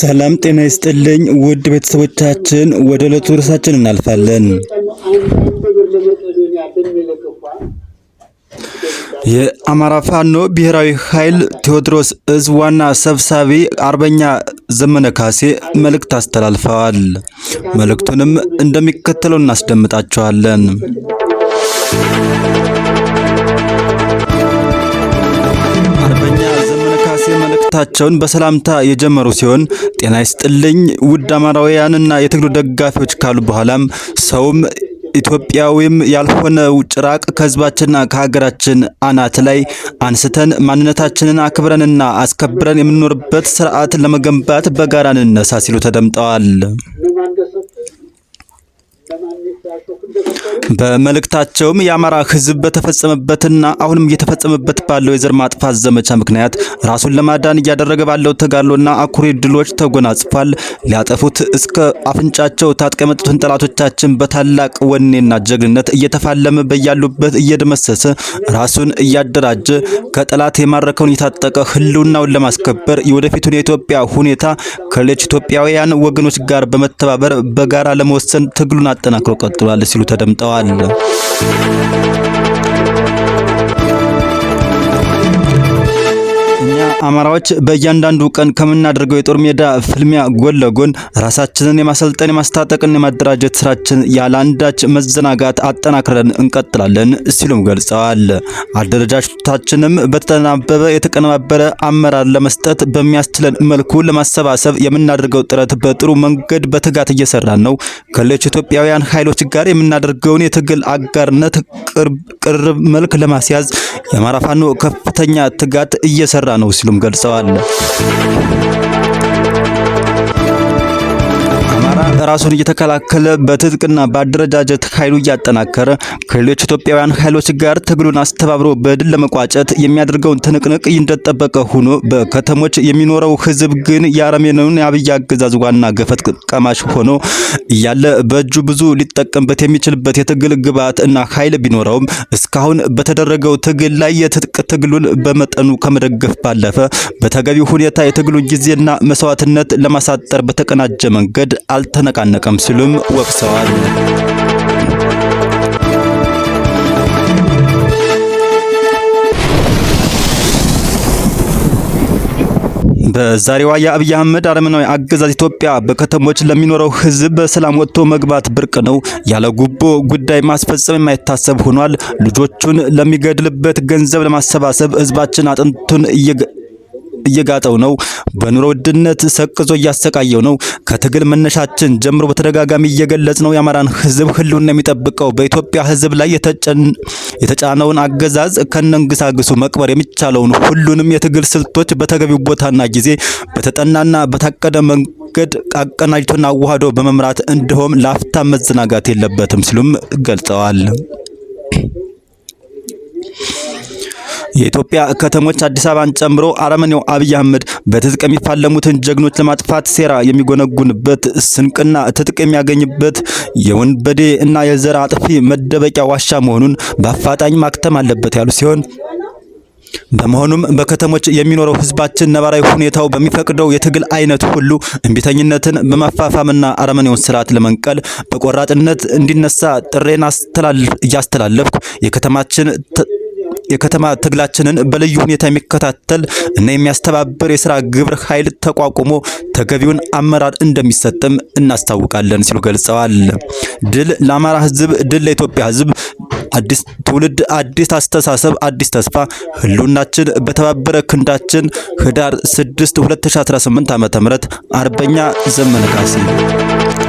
ሰላም ጤና ይስጥልኝ ውድ ቤተሰቦቻችን፣ ወደ ዕለቱ ርዕሳችን እናልፋለን። የአማራ ፋኖ ብሔራዊ ኃይል ቴዎድሮስ እዝ ዋና ሰብሳቢ አርበኛ ዘመነ ካሴ መልእክት አስተላልፈዋል። መልእክቱንም እንደሚከተለው እናስደምጣቸዋለን። መልእክታቸውን በሰላምታ የጀመሩ ሲሆን ጤና ይስጥልኝ ውድ አማራውያንና የትግሉ ደጋፊዎች ካሉ በኋላም ሰውም ኢትዮጵያዊም ያልሆነው ጭራቅ ከህዝባችንና ከሀገራችን አናት ላይ አንስተን ማንነታችንን አክብረንና አስከብረን የምንኖርበት ስርዓት ለመገንባት በጋራ እንነሳ ሲሉ ተደምጠዋል። በመልእክታቸውም የአማራ ህዝብ በተፈጸመበትና አሁንም እየተፈጸመበት ባለው የዘር ማጥፋት ዘመቻ ምክንያት ራሱን ለማዳን እያደረገ ባለው ተጋድሎና አኩሪ ድሎች ተጎናጽፏል። ሊያጠፉት እስከ አፍንጫቸው ታጥቀው የመጡትን ጠላቶቻችን በታላቅ ወኔና ጀግንነት እየተፋለመ በያሉበት እየደመሰሰ ራሱን እያደራጀ ከጠላት የማረከውን የታጠቀ ህልውናውን ለማስከበር የወደፊቱን የኢትዮጵያ ሁኔታ ከሌሎች ኢትዮጵያውያን ወገኖች ጋር በመተባበር በጋራ ለመወሰን ትግሉን አጠናክሮ ቀጥሏል ሲሉ ተደምጠዋል። አማራዎች በእያንዳንዱ ቀን ከምናደርገው የጦር ሜዳ ፍልሚያ ጎን ለጎን ራሳችንን የማሰልጠን የማስታጠቅና የማደራጀት ስራችን ያለአንዳች መዘናጋት አጠናክረን እንቀጥላለን ሲሉም ገልጸዋል። አደረጃጀታችንም በተናበበ የተቀነባበረ አመራር ለመስጠት በሚያስችለን መልኩ ለማሰባሰብ የምናደርገው ጥረት በጥሩ መንገድ በትጋት እየሰራን ነው። ከሌሎች ኢትዮጵያውያን ኃይሎች ጋር የምናደርገውን የትግል አጋርነት ቅርብ መልክ ለማስያዝ የአማራ ፋኖ ከፍተኛ ትጋት እየሰራ ነው ሲሉም ገልጸዋል። ራሱን እየተከላከለ በትጥቅና በአደረጃጀት ኃይሉ እያጠናከረ ከሌሎች ኢትዮጵያውያን ኃይሎች ጋር ትግሉን አስተባብሮ በድል ለመቋጨት የሚያደርገውን ትንቅንቅ እንደጠበቀ ሆኖ በከተሞች የሚኖረው ህዝብ ግን የአረመኔውን የአብይ አገዛዝ ዋና ገፈት ቀማሽ ሆኖ እያለ በእጁ ብዙ ሊጠቀምበት የሚችልበት የትግል ግብዓት እና ኃይል ቢኖረውም እስካሁን በተደረገው ትግል ላይ የትጥቅ ትግሉን በመጠኑ ከመደገፍ ባለፈ በተገቢው ሁኔታ የትግሉን ጊዜና መስዋዕትነት ለማሳጠር በተቀናጀ መንገድ አልተነቃ አልተነቃነቀም ሲሉም ወቅሰዋል። በዛሬዋ የአብይ አህመድ አረመናዊ አገዛዝ ኢትዮጵያ በከተሞች ለሚኖረው ሕዝብ በሰላም ወጥቶ መግባት ብርቅ ነው፣ ያለ ጉቦ ጉዳይ ማስፈጸም የማይታሰብ ሆኗል፣ ልጆቹን ለሚገድልበት ገንዘብ ለማሰባሰብ ሕዝባችን አጥንቱን እየጋጠው ነው። በኑሮ ውድነት ሰቅዞ እያሰቃየው ነው። ከትግል መነሻችን ጀምሮ በተደጋጋሚ እየገለጽ ነው። የአማራን ህዝብ ህልውና የሚጠብቀው በኢትዮጵያ ህዝብ ላይ የተጫነውን አገዛዝ ከነንግሳግሱ መቅበር የሚቻለውን ሁሉንም የትግል ስልቶች በተገቢው ቦታና ጊዜ በተጠናና በታቀደ መንገድ አቀናጅቶና አዋህዶ በመምራት እንዲሁም ላፍታ መዘናጋት የለበትም ሲሉም ገልጸዋል። የኢትዮጵያ ከተሞች አዲስ አበባን ጨምሮ አረመኔው አብይ አህመድ በትጥቅ የሚፋለሙትን ጀግኖች ለማጥፋት ሴራ የሚጎነጉንበት ስንቅና ትጥቅ የሚያገኝበት የወንበዴ እና የዘር አጥፊ መደበቂያ ዋሻ መሆኑን በአፋጣኝ ማክተም አለበት ያሉ ሲሆን በመሆኑም በከተሞች የሚኖረው ህዝባችን ነባራዊ ሁኔታው በሚፈቅደው የትግል አይነት ሁሉ እምቢተኝነትን በማፋፋምና አረመኔውን ስርዓት ለመንቀል በቆራጥነት እንዲነሳ ጥሬን እያስተላለፍኩ የከተማችን የከተማ ትግላችንን በልዩ ሁኔታ የሚከታተል እና የሚያስተባብር የስራ ግብረ ኃይል ተቋቁሞ ተገቢውን አመራር እንደሚሰጥም እናስታውቃለን ሲሉ ገልጸዋል። ድል ለአማራ ህዝብ ድል ለኢትዮጵያ ህዝብ አዲስ ትውልድ፣ አዲስ አስተሳሰብ፣ አዲስ ተስፋ። ህልውናችን በተባበረ ክንዳችን። ህዳር 6 2018 ዓ.ም አርበኛ ዘመነ ካሴ